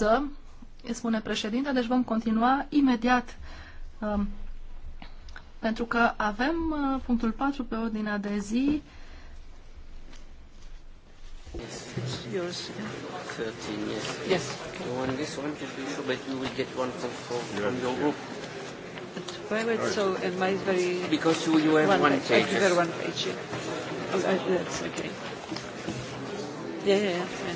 urmează, spune președinte, deci vom continua imediat um, pentru că avem uh, punctul 4 pe ordinea de zi. Yeah, yeah, yeah.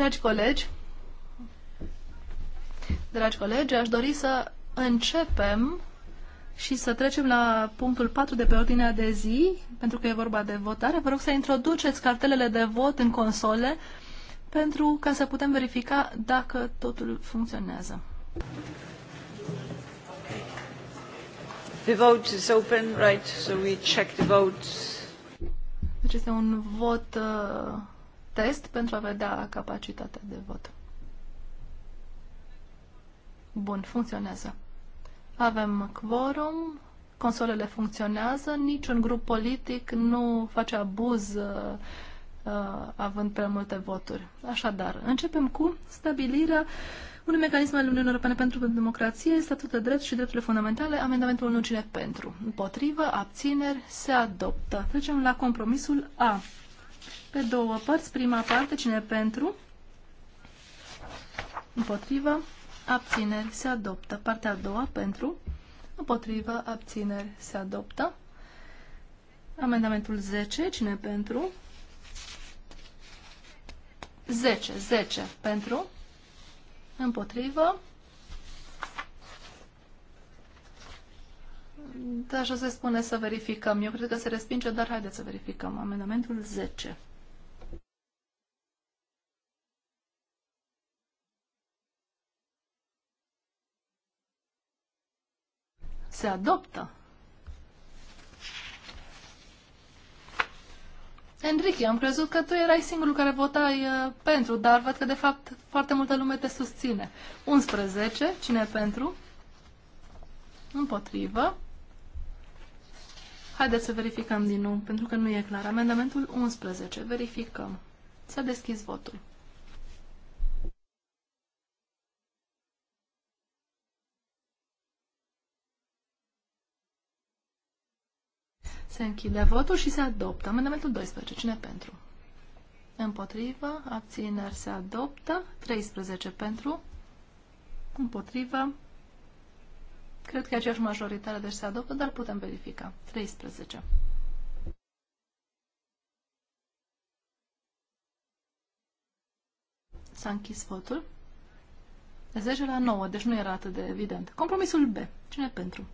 Dragi colegi, dragi colegi, aș dori să începem și să trecem la punctul 4 de pe ordinea de zi, pentru că e vorba de votare. Vă rog să introduceți cartelele de vot în console pentru ca să putem verifica dacă totul funcționează. The vote is open, right? So we check the votes. Deci este un vot uh, test pentru a vedea capacitatea de vot. Bun, funcționează. Avem quorum, consolele funcționează, niciun grup politic nu face abuz uh, uh, având prea multe voturi. Așadar, începem cu stabilirea unui mecanism al Uniunii Europene pentru democrație, statut de drept și drepturile fundamentale, amendamentul 1 cine pentru. Împotrivă, abțineri, se adoptă. Trecem la compromisul A pe două părți. Prima parte, cine pentru, împotrivă, abțineri, se adoptă. Partea a doua, pentru, împotrivă, abțineri, se adoptă. Amendamentul 10, cine pentru? 10, 10 pentru, împotrivă, Da, așa se spune să verificăm. Eu cred că se respinge, dar haideți să verificăm. Amendamentul 10. Se adoptă. Enrique, am crezut că tu erai singurul care votai uh, pentru, dar văd că de fapt foarte multă lume te susține. 11, cine pentru? Împotrivă. Haideți să verificăm din nou, pentru că nu e clar. Amendamentul 11, verificăm. S-a deschis votul. Se închide votul și se adoptă. Amendamentul 12. Cine pentru? Împotrivă. Abțineri se adoptă. 13 pentru. Împotrivă. Cred că e aceeași majoritate, deci se adoptă, dar putem verifica. 13. S-a închis votul. 10 la 9, deci nu era atât de evident. Compromisul B. Cine pentru?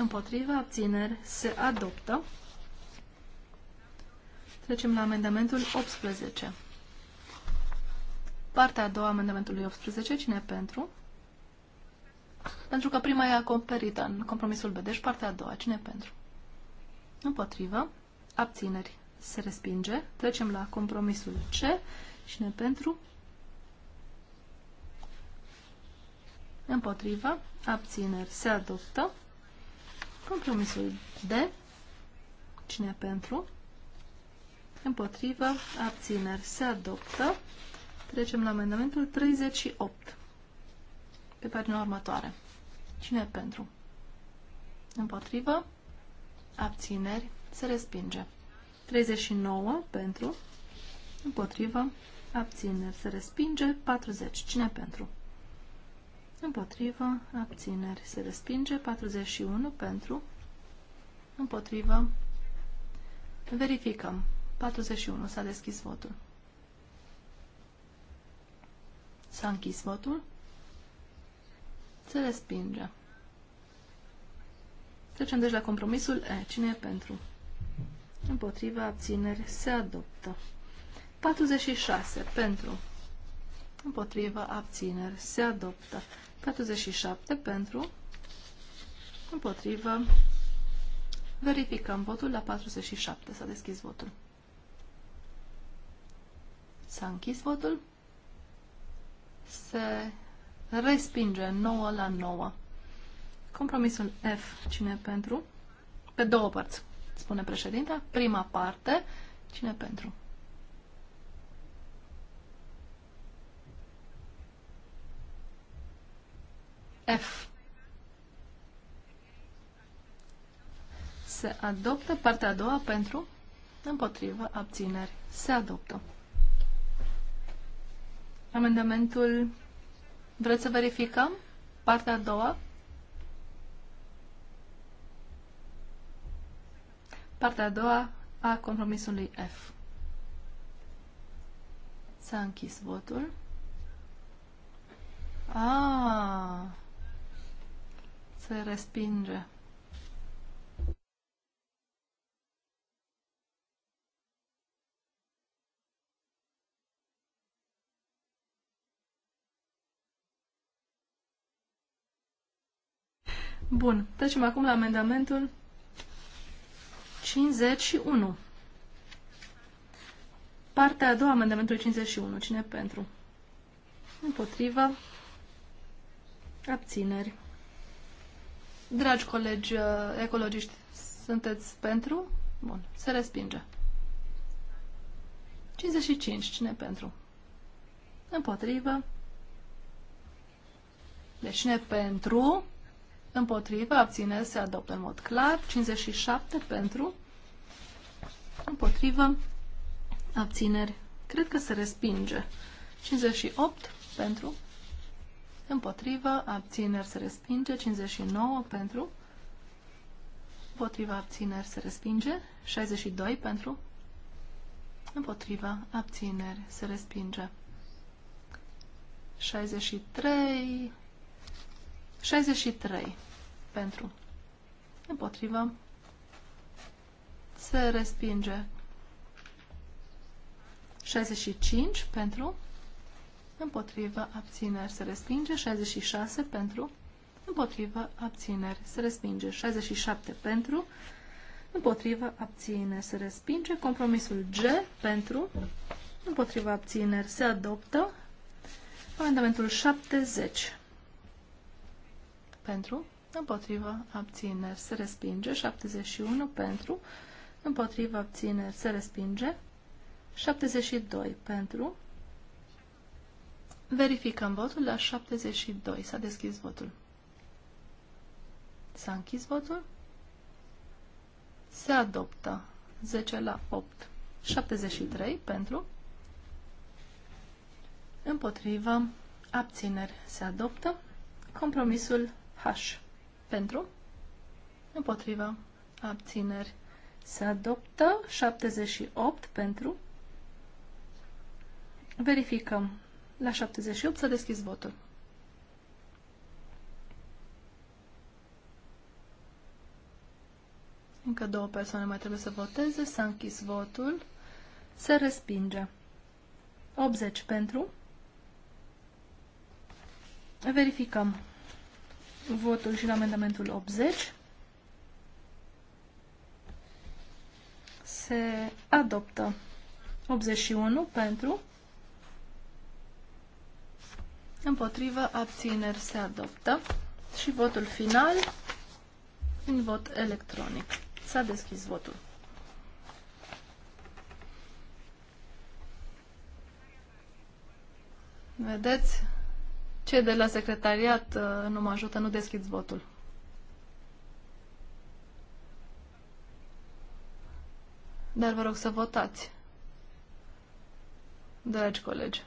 împotriva, abțineri, se adoptă. Trecem la amendamentul 18. Partea a doua amendamentului 18, cine e pentru? Pentru că prima e acoperită în compromisul B, deci partea a doua, cine e pentru? Împotrivă, abțineri, se respinge. Trecem la compromisul C, cine e pentru? Împotrivă, abțineri, se adoptă. Compromisul D. Cine pentru? Împotrivă. Abțineri. Se adoptă. Trecem la amendamentul 38. Pe pagina următoare. Cine pentru? Împotrivă. Abțineri. Se respinge. 39 pentru. Împotrivă. Abțineri. Se respinge. 40. Cine pentru? Împotrivă, abțineri se respinge. 41 pentru. Împotrivă. Verificăm. 41. S-a deschis votul. S-a închis votul. Se respinge. Trecem deci la compromisul E. Cine e pentru? Împotrivă, abțineri se adoptă. 46. Pentru împotrivă, abțineri, se adoptă. 47 pentru, împotrivă, verificăm votul la 47, s-a deschis votul. S-a închis votul, se respinge 9 la 9. Compromisul F, cine pentru? Pe două părți, spune președinta. Prima parte, cine pentru? F. Se adoptă partea a doua pentru împotrivă abțineri. Se adoptă. Amendamentul vreți să verificăm? Partea a doua? Partea a doua a compromisului F. S-a închis votul. Ah, se respinge. Bun, trecem acum la amendamentul 51. Partea a doua, amendamentul 51. Cine pentru? Împotrivă. Abțineri. Dragi colegi uh, ecologiști, sunteți pentru? Bun, se respinge. 55, cine pentru? Împotrivă. Deci cine pentru? Împotrivă, abține, se adoptă în mod clar. 57 pentru. Împotrivă, abțineri. Cred că se respinge. 58 pentru împotrivă, abțineri se respinge, 59 pentru, Împotrivă, abțineri se respinge, 62 pentru, Împotrivă, abțineri se respinge, 63, 63 pentru, Împotrivă, se respinge, 65 pentru, împotrivă, abțineri, se respinge. 66 pentru, împotrivă, abțineri, se respinge. 67 pentru, împotrivă, abțineri, se respinge. Compromisul G pentru, împotrivă, abțineri, se adoptă. Amendamentul 70 pentru, împotrivă, abțineri, se respinge. 71 pentru, împotrivă, abțineri, se respinge. 72 pentru, Verificăm votul la 72. S-a deschis votul. S-a închis votul. Se adoptă 10 la 8. 73 pentru. Împotrivă. Abțineri. Se adoptă. Compromisul H. Pentru. Împotrivă. Abțineri. Se adoptă 78 pentru. Verificăm la 78 s-a deschis votul. Încă două persoane mai trebuie să voteze. S-a închis votul. Se respinge. 80 pentru. Verificăm votul și la amendamentul 80. Se adoptă 81 pentru împotrivă, abțineri se adoptă. Și votul final, un vot electronic. S-a deschis votul. Vedeți? Cei de la secretariat uh, nu mă ajută, nu deschid votul. Dar vă rog să votați, dragi colegi.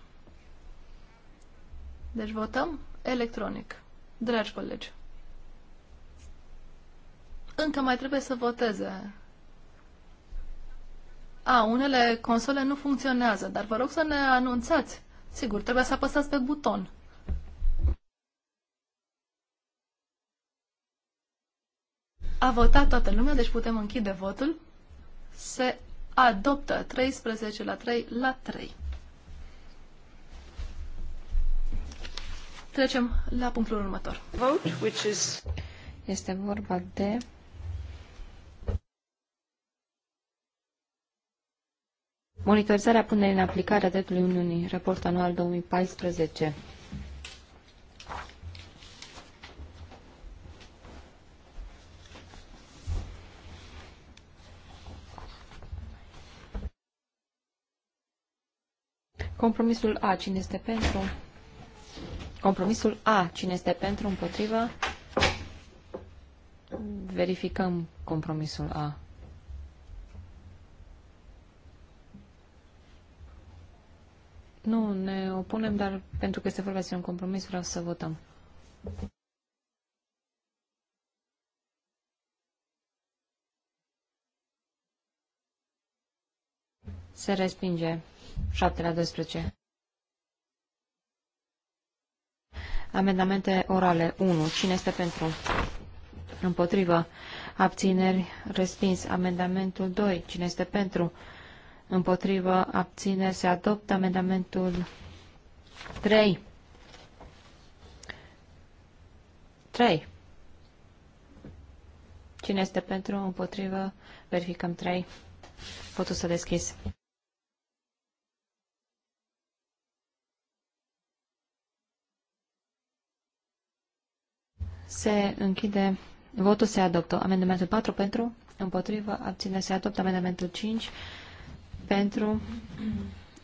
Deci votăm electronic. Dragi colegi, încă mai trebuie să voteze. A, unele console nu funcționează, dar vă rog să ne anunțați. Sigur, trebuie să apăsați pe buton. A votat toată lumea, deci putem închide votul. Se adoptă 13 la 3 la 3. Trecem la punctul următor. Vote, which is... Este vorba de Monitorizarea punerii în aplicare a dreptului Uniunii, raport anual 2014. Compromisul A. Cine este pentru? Compromisul A. Cine este pentru, împotrivă? Verificăm compromisul A. Nu, ne opunem, dar pentru că este vorba de un compromis, vreau să votăm. Se respinge 7 la 12. Amendamente orale 1. Cine este pentru? Împotrivă. Abțineri. Respins. Amendamentul 2. Cine este pentru? Împotrivă. Abțineri. Se adoptă. Amendamentul 3. 3. Cine este pentru? Împotrivă. Verificăm 3. Votul s-a deschis. Se închide. Votul se adoptă. Amendamentul 4 pentru, împotrivă, abține, se adoptă. Amendamentul 5 pentru,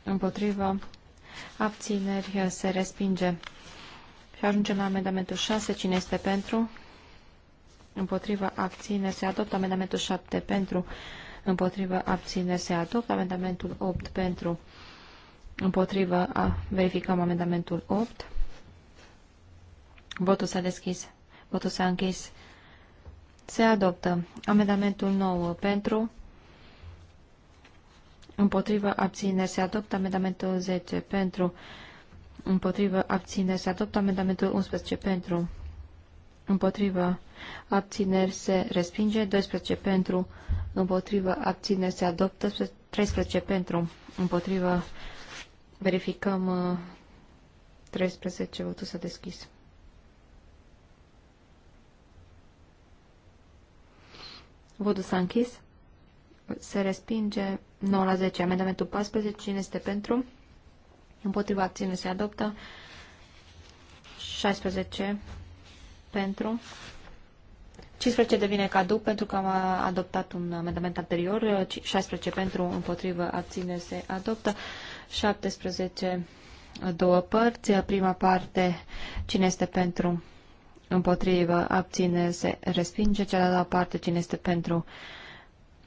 împotrivă, abțineri, se respinge. Și ajungem la amendamentul 6. Cine este pentru? Împotrivă, abține, se adoptă. Amendamentul 7 pentru, împotrivă, abține, se adoptă. Amendamentul 8 pentru, împotrivă, a, verificăm amendamentul 8. Votul s-a deschis. Votul s-a închis. Se adoptă amendamentul 9 pentru, împotrivă, abțineri. Se adoptă amendamentul 10 pentru, împotrivă, abțineri. Se adoptă amendamentul 11 pentru, împotrivă, abțineri. Se respinge 12 pentru, împotrivă, abțineri. Se adoptă 13 pentru, împotrivă, verificăm 13, uh, votul s-a deschis. Votul s-a închis. Se respinge 9 la 10. Amendamentul 14. Cine este pentru? Împotriva acțiune se adoptă. 16 pentru. 15 devine caduc pentru că am adoptat un amendament anterior. 16 pentru, împotrivă, abține se adoptă. 17 două părți. Prima parte, cine este pentru? împotrivă, abține, se respinge. Cea de-a doua parte, cine este pentru,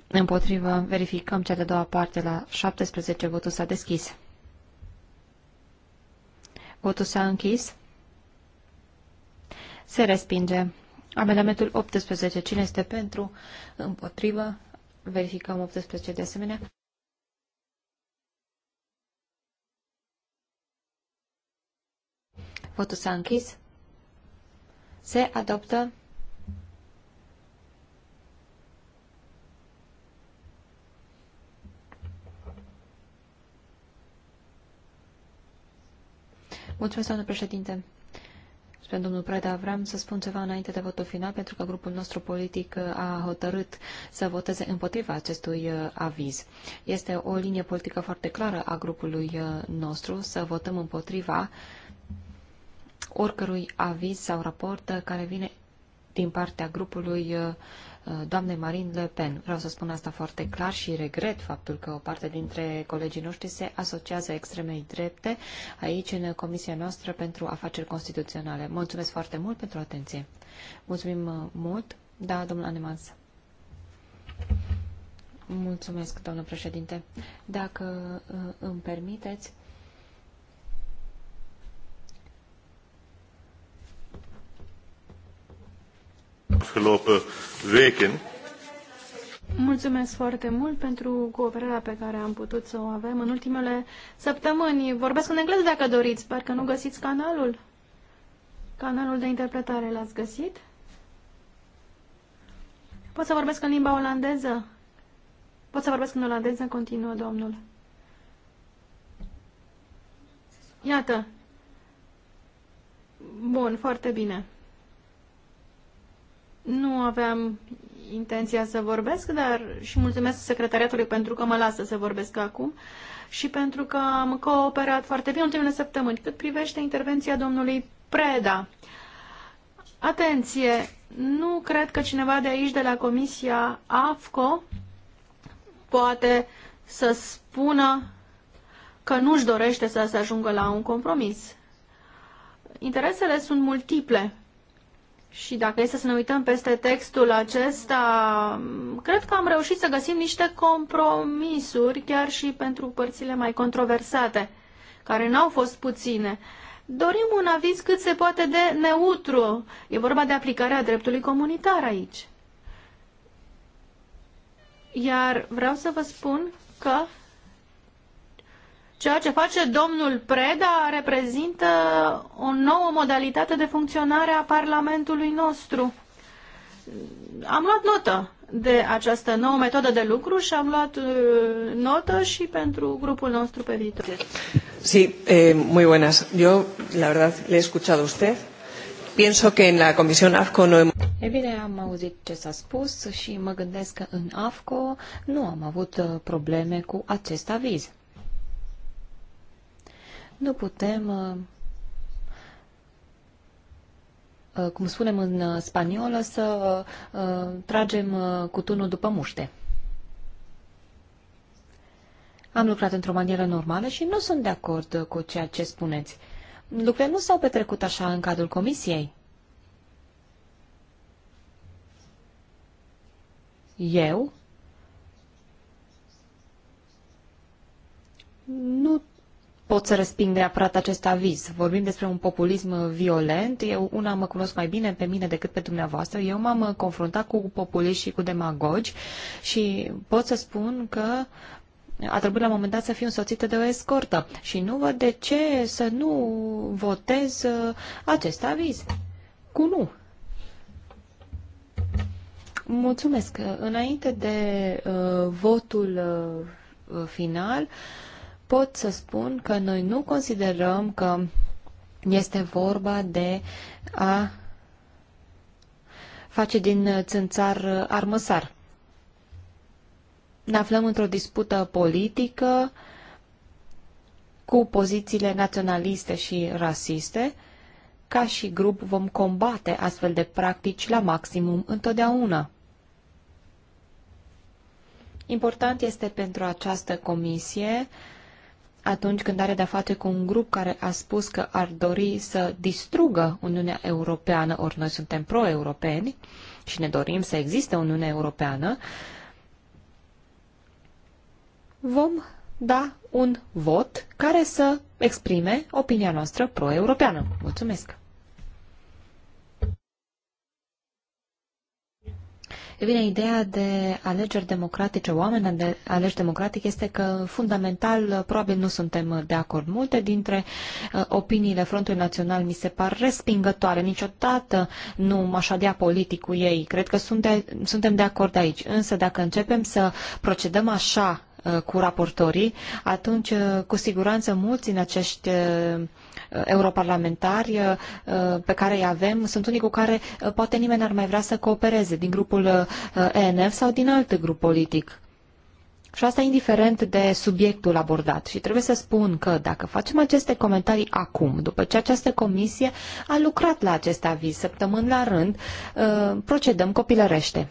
împotrivă, verificăm cea de-a doua parte la 17, votul s-a deschis. Votul s-a închis. Se respinge. Amendamentul 18. Cine este pentru? Împotrivă. Verificăm 18 de asemenea. Votul s-a închis se adoptă Mulțumesc, doamnă președinte. Spune domnul Preda, vreau să spun ceva înainte de votul final, pentru că grupul nostru politic a hotărât să voteze împotriva acestui uh, aviz. Este o linie politică foarte clară a grupului uh, nostru să votăm împotriva oricărui aviz sau raport care vine din partea grupului uh, uh, doamnei Marine Le Pen. Vreau să spun asta foarte clar și regret faptul că o parte dintre colegii noștri se asociază extremei drepte aici în Comisia noastră pentru afaceri constituționale. Mulțumesc foarte mult pentru atenție. Mulțumim uh, mult. Da, domnul Anemans. Mulțumesc, domnul președinte. Dacă îmi permiteți, afgelopen weken. Mulțumesc foarte mult pentru cooperarea pe care am putut să o avem în ultimele săptămâni. Vorbesc în engleză dacă doriți, parcă nu găsiți canalul. Canalul de interpretare l-ați găsit? Pot să vorbesc în limba olandeză? Pot să vorbesc în olandeză? Continuă domnul. Iată. Bun, foarte bine. Nu aveam intenția să vorbesc, dar și mulțumesc secretariatului pentru că mă lasă să vorbesc acum și pentru că am cooperat foarte bine ultimele săptămâni. Cât privește intervenția domnului Preda, atenție, nu cred că cineva de aici, de la Comisia AFCO, poate să spună că nu-și dorește să se ajungă la un compromis. Interesele sunt multiple și dacă este să ne uităm peste textul acesta, cred că am reușit să găsim niște compromisuri, chiar și pentru părțile mai controversate, care n-au fost puține. Dorim un aviz cât se poate de neutru. E vorba de aplicarea dreptului comunitar aici. Iar vreau să vă spun că Ceea ce face domnul Preda reprezintă o nouă modalitate de funcționare a Parlamentului nostru. Am luat notă de această nouă metodă de lucru și am luat uh, notă și pentru grupul nostru pe viitor. Sí, eh, muy buenas. Yo, la verdad, le he escuchado a usted. Pienso que en la Comisión AFCO no hemos... E bine, am auzit ce s-a spus și mă gândesc că în AFCO nu am avut uh, probleme cu acest aviz nu putem, uh, uh, cum spunem în uh, spaniolă, să tragem cutunul după muște. Am lucrat într-o manieră normală și nu sunt de acord cu ceea ce spuneți. Lucrurile nu s-au petrecut așa în cadrul comisiei. Eu nu pot să resping neapărat acest aviz. Vorbim despre un populism violent. Eu una mă cunosc mai bine pe mine decât pe dumneavoastră. Eu m-am confruntat cu populiști și cu demagogi și pot să spun că a trebuit la un moment dat să fiu însoțită de o escortă și nu văd de ce să nu votez uh, acest aviz. Cu nu. Mulțumesc. Înainte de uh, votul uh, final, uh, pot să spun că noi nu considerăm că este vorba de a face din țânțar armăsar. Ne aflăm într-o dispută politică cu pozițiile naționaliste și rasiste. Ca și grup vom combate astfel de practici la maximum întotdeauna. Important este pentru această comisie atunci când are de-a face cu un grup care a spus că ar dori să distrugă Uniunea Europeană, ori noi suntem pro-europeni și ne dorim să existe Uniunea Europeană, vom da un vot care să exprime opinia noastră pro-europeană. Mulțumesc! E bine, ideea de alegeri democratice, oameni de alegeri democratic, este că fundamental probabil nu suntem de acord. Multe dintre uh, opiniile Frontului Național mi se par respingătoare. Niciodată nu m-aș adea politic cu ei. Cred că sunt de, suntem de acord aici. Însă dacă începem să procedăm așa uh, cu raportorii, atunci uh, cu siguranță mulți în acești Uh, europarlamentari uh, uh, pe care îi avem sunt unii cu care poate nimeni n-ar mai vrea să coopereze din grupul ENF sau din alt grup politic. Și asta indiferent de subiectul abordat. Și trebuie să spun că dacă facem aceste comentarii acum, după ce această comisie a lucrat la acest aviz săptămâni la rând, procedăm copilărește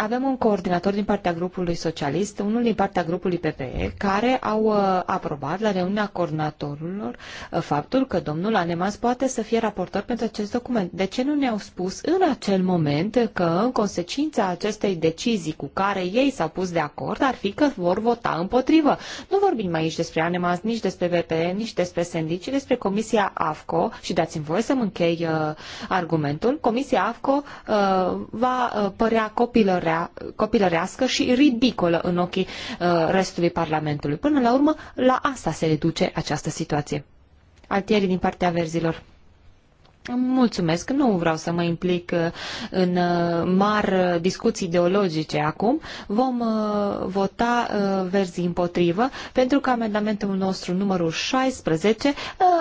avem un coordonator din partea grupului socialist, unul din partea grupului PPE, care au uh, aprobat la reuniunea coordonatorilor uh, faptul că domnul Anemans poate să fie raportor pentru acest document. De ce nu ne-au spus în acel moment că în consecința acestei decizii cu care ei s-au pus de acord ar fi că vor vota împotrivă? Nu vorbim aici despre Anemans, nici despre PPE, nici despre Sendi, ci despre Comisia AFCO și dați-mi voie să-mi închei uh, argumentul. Comisia AFCO uh, va uh, părea copilor copilărească și ridicolă în ochii uh, restului Parlamentului. Până la urmă, la asta se reduce această situație. Altieri din partea verzilor. Mulțumesc, nu vreau să mă implic uh, în uh, mari discuții ideologice acum. Vom vota verzii împotrivă pentru că amendamentul nostru numărul 16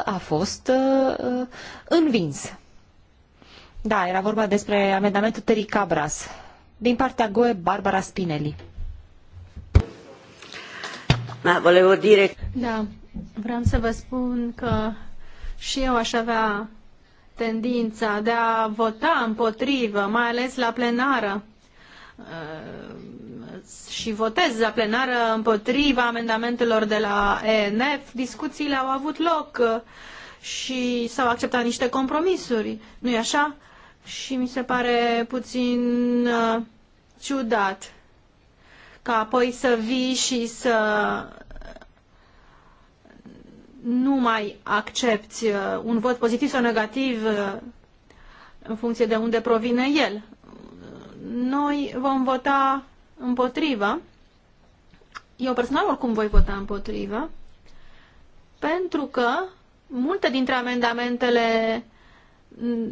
a fost învins. Da, era vorba despre amendamentul Tericabras. Cabras din partea GUE, Barbara Spinelli. Ma, da, volevo dire... Da, vreau să vă spun că și eu aș avea tendința de a vota împotrivă, mai ales la plenară. Uh, și votez la plenară împotriva amendamentelor de la ENF. Discuțiile au avut loc uh, și s-au acceptat niște compromisuri, nu-i așa? și mi se pare puțin uh, ciudat ca apoi să vii și să nu mai accepti uh, un vot pozitiv sau negativ uh, în funcție de unde provine el. Noi vom vota împotrivă. Eu personal oricum voi vota împotrivă, pentru că multe dintre amendamentele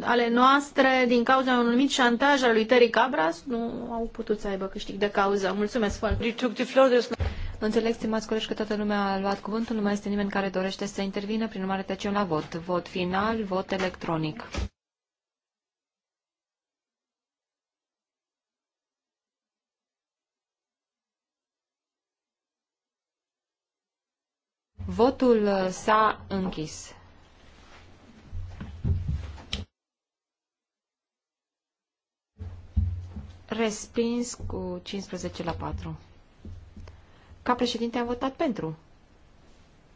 ale noastre din cauza unui anumit șantaj al lui Terry Cabras nu au putut să aibă câștig de cauză. Mulțumesc foarte mult! Înțeleg, stimați colegi, că toată lumea a luat cuvântul, nu mai este nimeni care dorește să intervină, prin urmare trecem la vot. Vot final, vot electronic. Votul s-a închis. Respins cu 15 la 4. Ca președinte am votat pentru.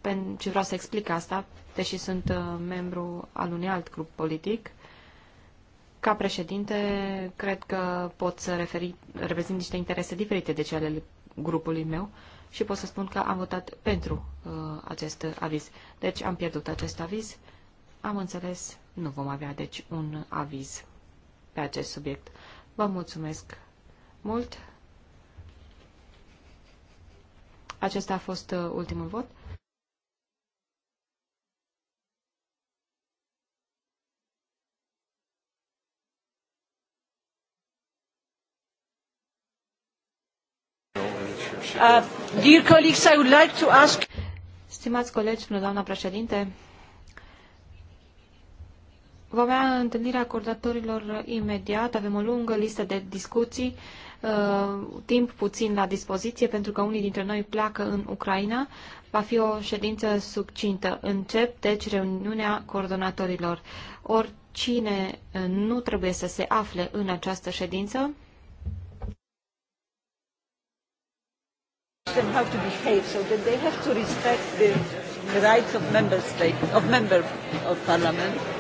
Pen- și vreau să explic asta, deși sunt uh, membru al unui alt grup politic. Ca președinte, cred că pot să referi, reprezint niște interese diferite de cele ale grupului meu și pot să spun că am votat pentru uh, acest aviz. Deci am pierdut acest aviz. Am înțeles, nu vom avea deci un aviz pe acest subiect. Vă mulțumesc mult. Acesta a fost uh, ultimul vot. Uh, dear colleagues, I would like to ask... Stimați colegi, doamna președinte, Vom avea întâlnirea acordatorilor imediat, avem o lungă listă de discuții, uh, timp puțin la dispoziție pentru că unii dintre noi pleacă în Ucraina. Va fi o ședință succintă. Încep, deci, reuniunea coordonatorilor. Oricine uh, nu trebuie să se afle în această ședință, them how to behave so that they have to respect the rights of member states of member of parliament